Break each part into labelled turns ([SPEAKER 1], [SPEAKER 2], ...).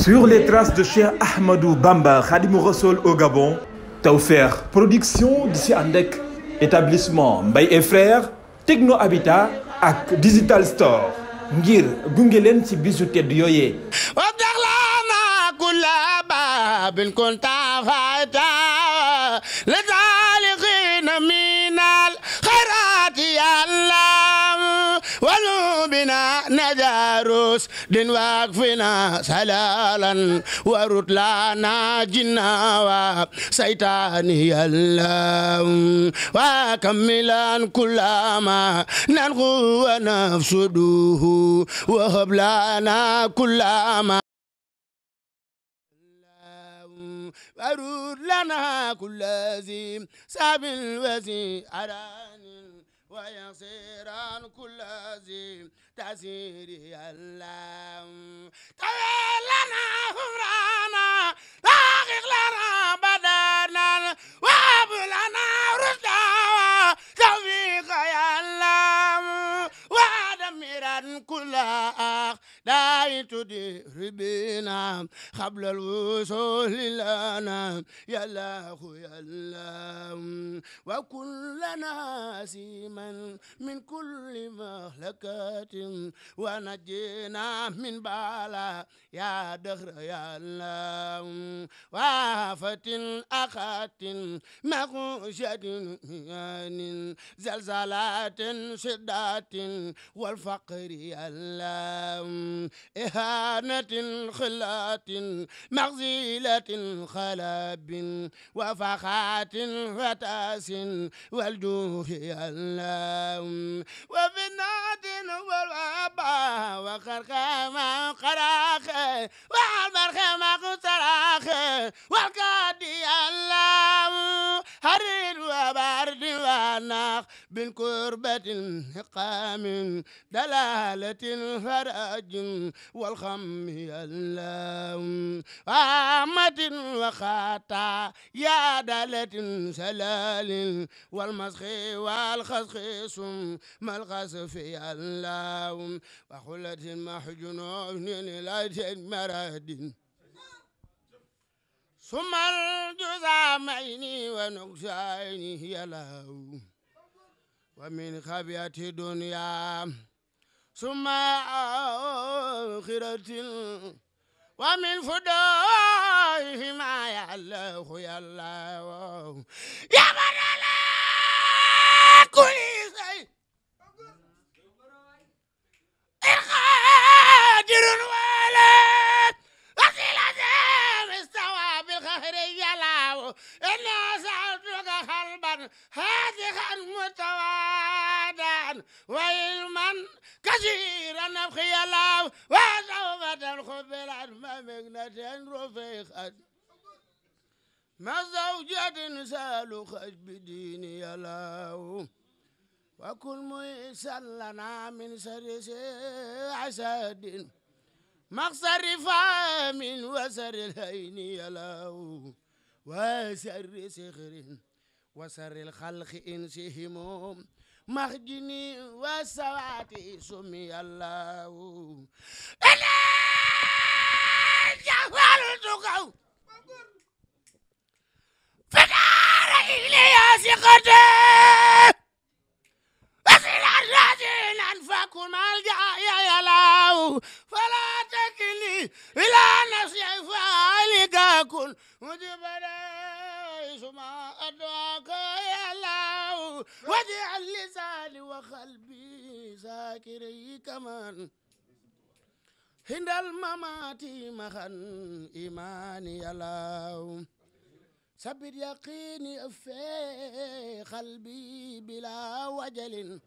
[SPEAKER 1] Sur les traces de Cheikh Ahmadou Bamba Khadimou Rassoul au Gabon Tawfekh Production di si ànd ak établissement Mbaye et Frères Techno Habitat ak Digital Store ngir gunge leen ci bisu tedd yooyee
[SPEAKER 2] din واكفنا سلالا ورد لنا جنا وشيطاني اللهم وكملا كل ما ننغو ونفسده وهب لنا كل ما ورد لنا كل ذي ساب وذي أران ويصيران كل ذي تسيري اللام تولنا غفرانا لاغق لنا بدانا وابلنا رأيت دربنا قبل الوصول لنا يا الله يا الله وكلنا سيما من كل مهلكات ونجينا من بالا يا دهر يا الله وافة أخات مغشة يعني زلزالات شدات والفقر يا الله إهانة خلة مغزلة خلب وفخات فتاس والجوه اللام وفنات والوبا وخرخما قراخ والمرخما قتراخ والقادي اللام حرر وبرد ونخ بالكربة انحقام دلالة فرج والخم اللام وعامة وخطا يا دلة سلال والمسخ والخسخ ثم الخسف اللام وخلة محجنون لا مرد ثم الجذامين ونقشين يلهو ومن خبية الدنيا ثم آخرة ومن فدائهما يا الله يا الله يا من مزوجة سالو خش بديني يلاو وكل ميسر لنا من سرس عساد مقصر فام وسر الهين يلاو وسر سخر وسر الخلق إنسهم مخجني وسواتي سمي الله أنا جهلتك hindal mamati mahan imani yalaw sabit yaqini fi qalbi bila wajalin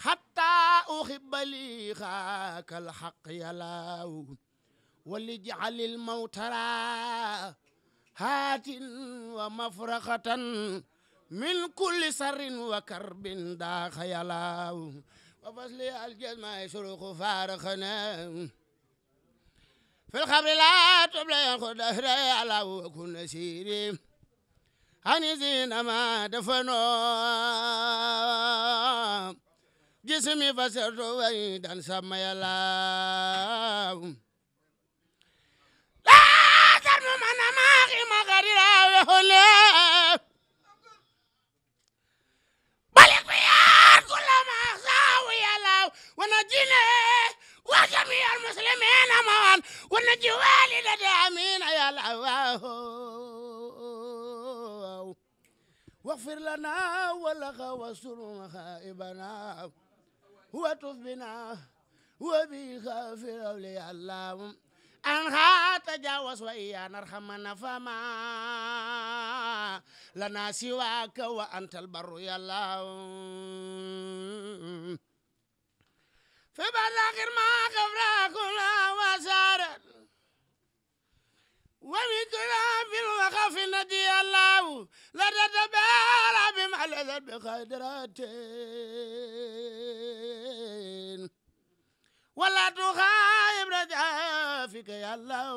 [SPEAKER 2] hatta uhibba li kal haqq yalaw walij'al al mawtara hatin wa mafraqatan min kulli sarrin wa karbin da khayalaw wa fasli al jazma yasruqu farqana في الخبر لا تبلي خد على وكن سيري هني زين ما دفنوا جسمي فسرت ويدا سمي الله لا ترمم أنا ما غير ما غير نج والدتي امين يا الله واغفر لنا ولغ وسر خائبنا وتف بنا وبي غافر اولياء الله عنها تجاوز وإيانا ارحمنا فما لنا سواك وأنت البر يا الله فبلغ ما غفر وبكلاب الوقف ندي الله لا تتبالى بما لذت بقدرتين ولا تخايب رجافك يا الله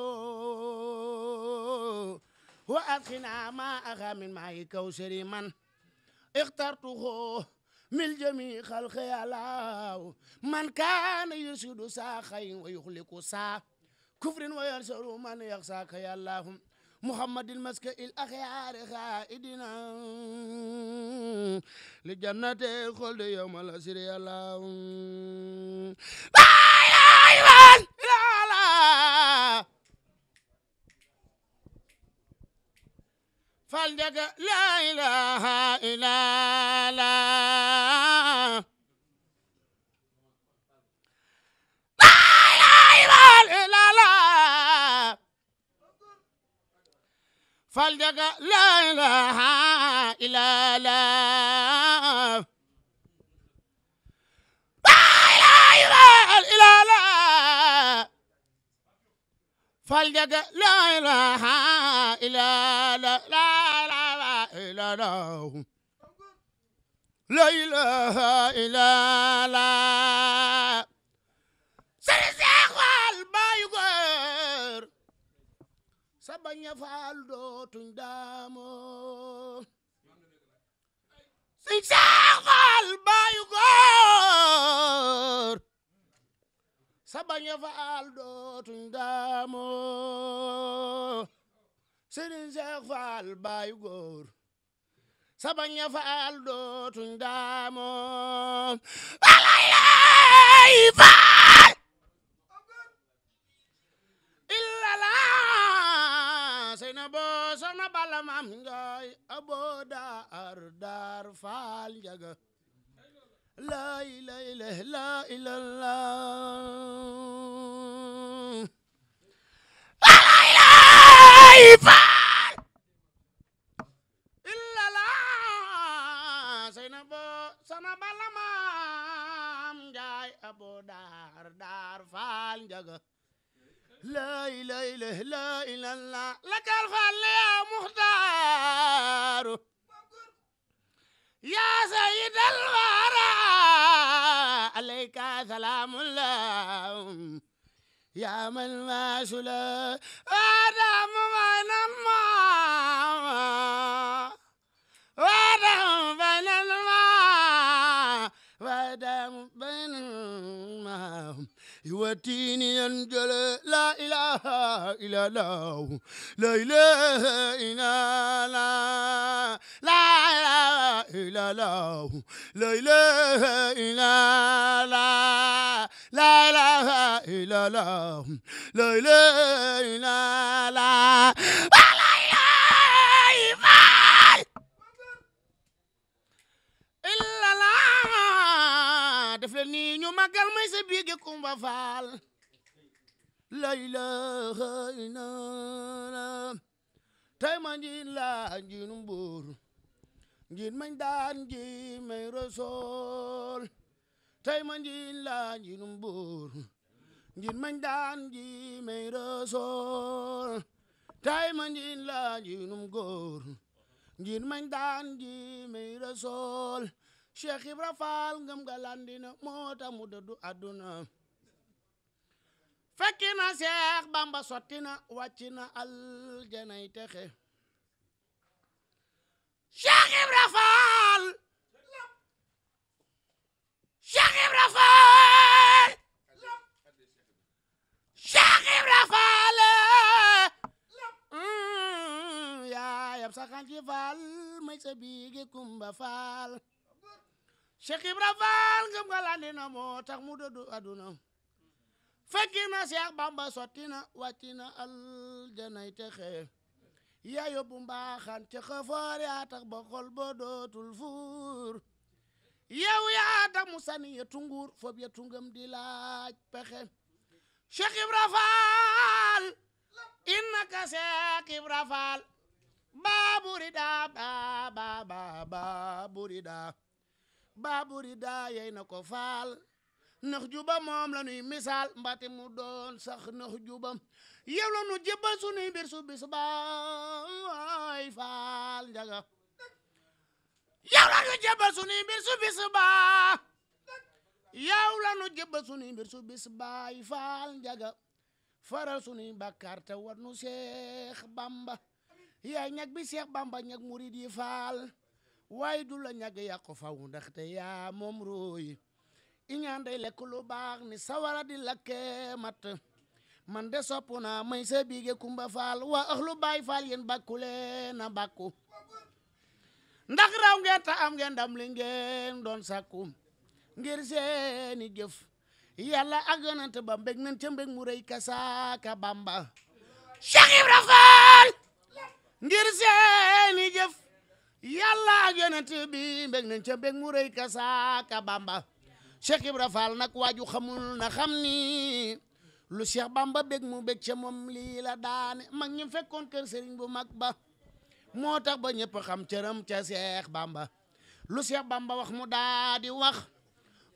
[SPEAKER 2] وأدخنا ماءها من معي كوسري من اخترته من جميع خلق يا الله من كان يسد ساخين ويخلق ساخ كفر ويسر من يخساك يا اللهم محمد المسك الأخيار خائدنا لجنة الخلد يوم الأسر يا اللهم فالدك لا إله إلا الله فالجا لا إله إلا الله لا إله إلا الله فالجا لا إله إلا الله لا إله إلا الله لا إله إلا الله bañ a faal dootuñ daamoo si saaxal Seex Faal baayu góor sa faal dootuñ daamoo alay lay faal illa laa abo soxna balla maam njaay abo daar daar faal njaga laa ilaaha illallaah يا من ما سلا ودم من الماء ودم بين الماء ودم بين الماء يوتيني ينجل لا إله إلا الله لا إله إلا الله la ilaha illallah la ilaha illallah la ilaha illallah la ilaha illallah def leen nii ñu màggal may sa biig Kumba Faal la ilaha illallah tay ma njiin laa njiinum buur njiin mañ daan njiin may rasool tey ma laa njiinum buur njiin mañ daan njiin may rasool tey ma laa njiinum góor njiin mañ daan njiin may rasool Cheikh Ibra Faal ngëm ga landina moo tax mu dëddu àdduna na Cheikh Bamba sotti na wàcci na aljanay Cheikh Ibra Fall Cheikh Ibra Fall Cheikh Ibra Fall mm, yaayam saxanci may sa biigi Kumba Fall Cheikh Ibra Fall ngëm nga moo tax mu dëddu aduna fekki na Cheikh Bamba sotti na aljanay texe yaa yóbbu mbaaxaan ca xafoor yaa tax ba xol ba dootul fuur yow yaa tax mu sani ya tunguur foofu ya tungam di laaj pexe Cheikh Ibra Faal innaka Cheikh Ibra Faal baaburida baabaa baaburida baaburida yey na ko faal nax jubam moom la nuy misaal mbate mu doon sax nax jubam yow la nu jébbal sunuy mbir su bis baay faal la nu jébbal sunuy mbir su bis baa yow la nu jébbal sunuy mbir su bis baay faal njaga faral sunuy bàkkaar te war nu seex bamba yaay ñag bi seex bamba ñag murid yi faal waaye du la ñag yàq ko faw ndaxte yaa moom róoy iñaan day lekk lu baax ni sawara di lakke mat man de soppu naa may sa biige kumba faal waa axlu baay faal yéen bàkku leen a bàkku ndax raw ngeen ta am ngeen ndam li ngeen doon ngir seeni jëf yàlla ak yonent ba mbég nañ ca mbég mu bamba Cheikh Ibra Faal ngir seeni jëf yàlla ak yonent bi mbég nañ ca mbég mu bamba Cheikh Ibra Faal nag waaju xamul na xam ni lu Cheikh Bamba bég mu bég ca moom lii la daane mag ñi fekkoon kër sëriñ bu mag ba moo tax ba ñëpp xam cëram ca Bamba lu Cheikh Bamba wax mu daa di wax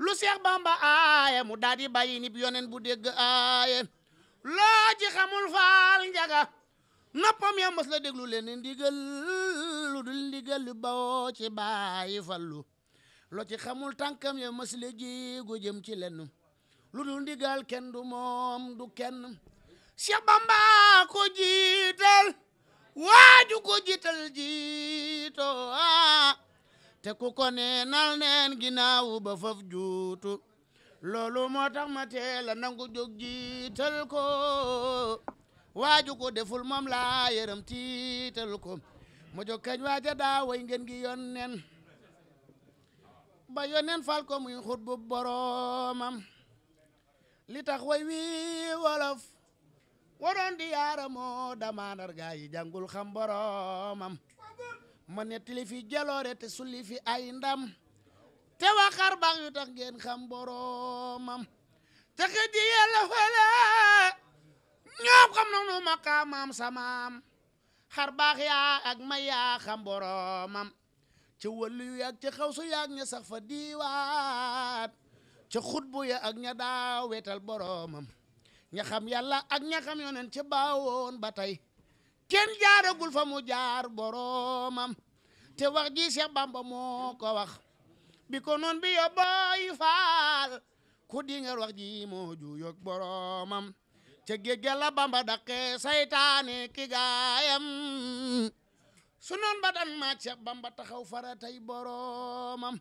[SPEAKER 2] lu Cheikh Bamba aaye mu daa di bàyyi nib yonen bu dégg aaye loo ci xamul faal njaga noppam ya mos la déglu leen ndigal lu dul ndigal lu bawoo ci bàyyi fallu loo ci xamul tànkam ya mos la jéego jëm ci lenn lu dul ndigal kenn du moom du kenn Cheikh Bamba ko jiital waaju ko jiital jiito ah. te ku ko neenal neen ginnaaw ba faf juutu loolu moo tax ma teel nangu jóg jiital ko waaju ko deful moom laa yërëm tiital ko ma jóg kañ waaja daa way ngeen gi yon nen ba yon nen fal ko muy xut bu boroomam li tax way wi wolof waroon di yaaramoo damaanar gaa yi jàngul xam boromam ma nettali fi jaloore te sulli fi ay ndam te waxar baax yu tax ngeen xam boromam te xëj yi yàlla fële ñoom xam nu maqaamam samaam xar baax yaa ak may yaa xam boromam ca yu ak ca xaw su yaag ña fa diiwaat ca xutbu ya ak ña daa wetal boroomam ña xam yàlla ak ña xam yoneen baawoon ba tey kenn jaaragul fa mu jaar boroomam te wax ji Seex Bamba moo ko wax bi ko noon bi yo booy faal ku di nga wax ji moo juyoog boroomam ca géej ga la Bamba daqee saytaane ki gaayam su noon ba dan maag Seex Bamba taxaw faratay boroomam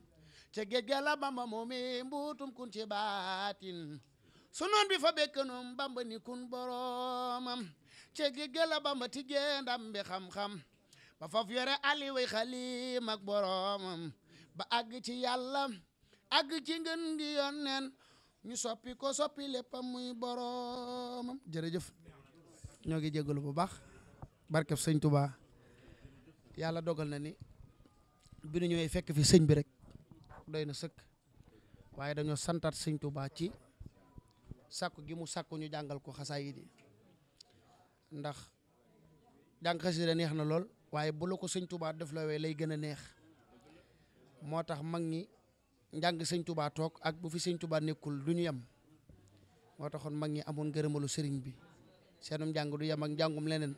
[SPEAKER 2] ca géej ga la bamba moomi mbuutum kun ci baatin su bi fa bekkanum bamba ni kun boromam ca géej ga la bamba tijjee ndam xam-xam ba faf yore ali way xalim ba àgg ci yàlla àgg ci ngën gi yoon neen soppi ko soppi léppam muy boromam jërëjëf ñoo ngi jégalu bu baax barkeb sëñ Touba yàlla dogal na ni bi nu fekk fi sëñ bi rek doy na sëkk waaye dañoo santaat sëñ Touba ci sàkku gi mu sàkku ñu jàngal ko xasaayid yi ndax jàng xasida neex na lool waaye bu la ko sëñ Touba def la wee lay gën a neex moo tax mag ñi njàng sëñ Touba toog ak bu fi sëñ Touba nekkul du ñu yem moo taxoon mag ñi amoon gërëmalu sëriñ bi seen njàng du yem ak njàngum leneen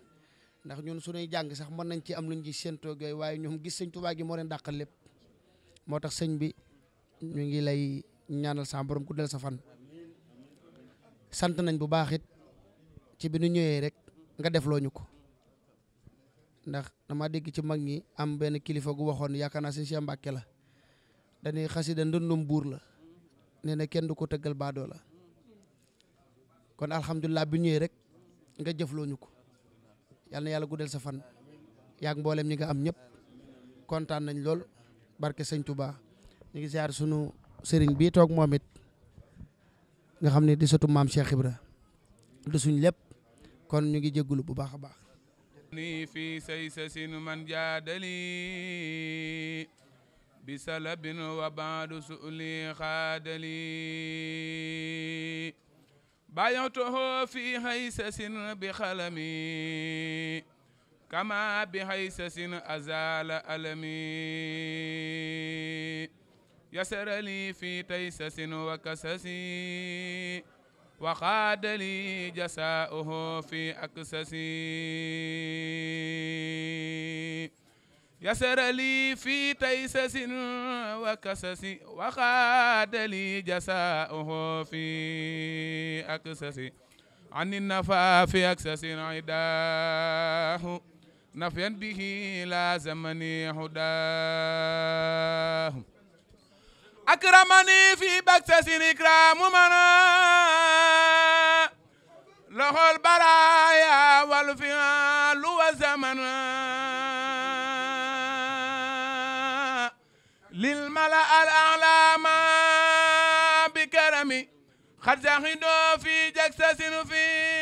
[SPEAKER 2] ndax ñun suñuy jàng sax mën nañ ci am luñ ci séentoo yooyu waaye ñoom gis sëñ Touba gi moo leen dàqal lépp moo tax sëñ bi ñu ngi lay ñaanal sa borom guddal sa fan sant nañ bu baax it ci bi nu ñëwee rek nga def loo ñu ko ndax dama dégg ci mag ñi am benn kilifa gu waxoon yaakaar naa sëñ Cheikh Mbacke la dañuy xasida ndëndum buur la nee na kenn du ko tëggal baadoo la kon alhamdulilah bi ñëwee rek nga jëfloo ñu ko yal na yàlla guddal sa fan yaag mboolem ñi nga am ñëpp kontaan nañ lool. barke sëñ Touba ñu ngi ziar sunu sëriñ bii toog moom nga xam ne di sëtu maam Cheikh Ibra du suñ lépp kon ñu ngi jégalu bu baax a baax.
[SPEAKER 1] ni fi say sasin man jaadali bi salabin wa baadu suuli xaadali bayatuhu fi bi xalami كما بحيسس أزال ألمي يسر لي في تيسس وكسسي وخاد لي جساؤه في أكسسي يسر لي في تيسس وكسسي وخاد لي جساؤه في أكسسي عن النفا في أكسس عداه نفيا به لا زمن هداه أكرمني في بكسس إكرام منا له البرايا والفعال وزمن للملأ الأعلى ما بكرمي قد زهدوا في جكسس في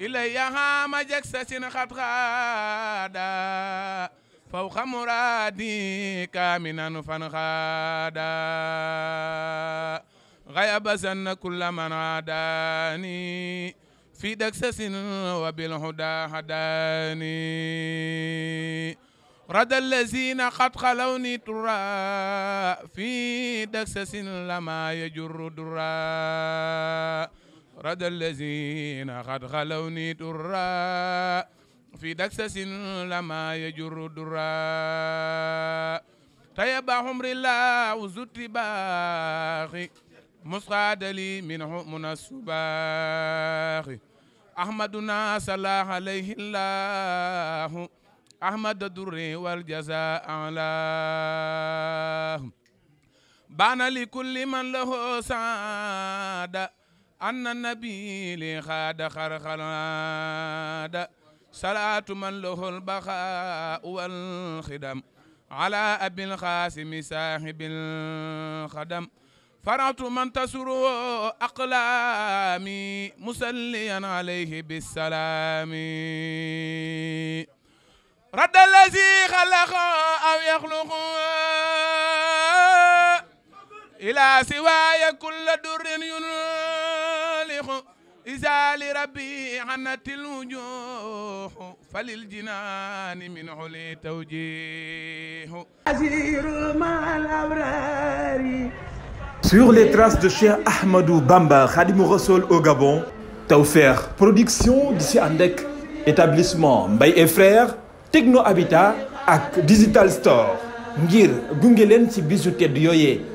[SPEAKER 1] إليها مجكسة قد غادا فوق مرادي كامنا فانغادا غيب زن كل من عاداني في دكسس وبالهدى هداني رد الذين قد خلوني ترى في دكسس لما يجر درا رد الذين قد خلوني درا في دكسس لما يجر درا طيب عمر الله زت باخي مسقاد لي منه من الصباح أحمدنا صلاح عليه الله أحمد الدر والجزاء الله بان لكل من له سعاده أن النبي لي خاد خرخلاد صلاة من له البقاء والخدم على أبي القاسم صاحب الخدم فرعت من تسره أقلامي مسليا عليه بالسلام رد الذي خلق أو يخلق إلى سواي كل در ينور إذا لربي عنت الوجوه فللجنان من علي توجيه أسير مع الأبرار Sur les traces de Cheikh Ahmadou Bamba Khadimou Rassoul au Gabon Tawfekh Production di si ànd établissement Mbaye et Frères Techno Habitat ak Digital Store ngir gunge leen ci bisu tedd yooyee